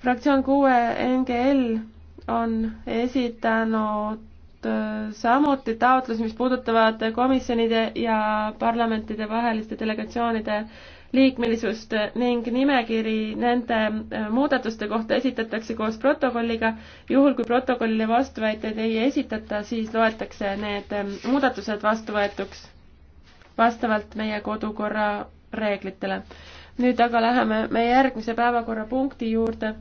fraktsioon kuue NGL on esitanud äh, samuti taotlusi, mis puudutavad komisjonide ja parlamentide vaheliste delegatsioonide liikmelisust ning nimekiri nende äh, muudatuste kohta esitatakse koos protokolliga. juhul, kui protokollile vastuväiteid ei esitata, siis loetakse need äh, muudatused vastuvõetuks vastavalt meie kodukorra reeglitele nüüd aga läheme meie järgmise päevakorrapunkti juurde.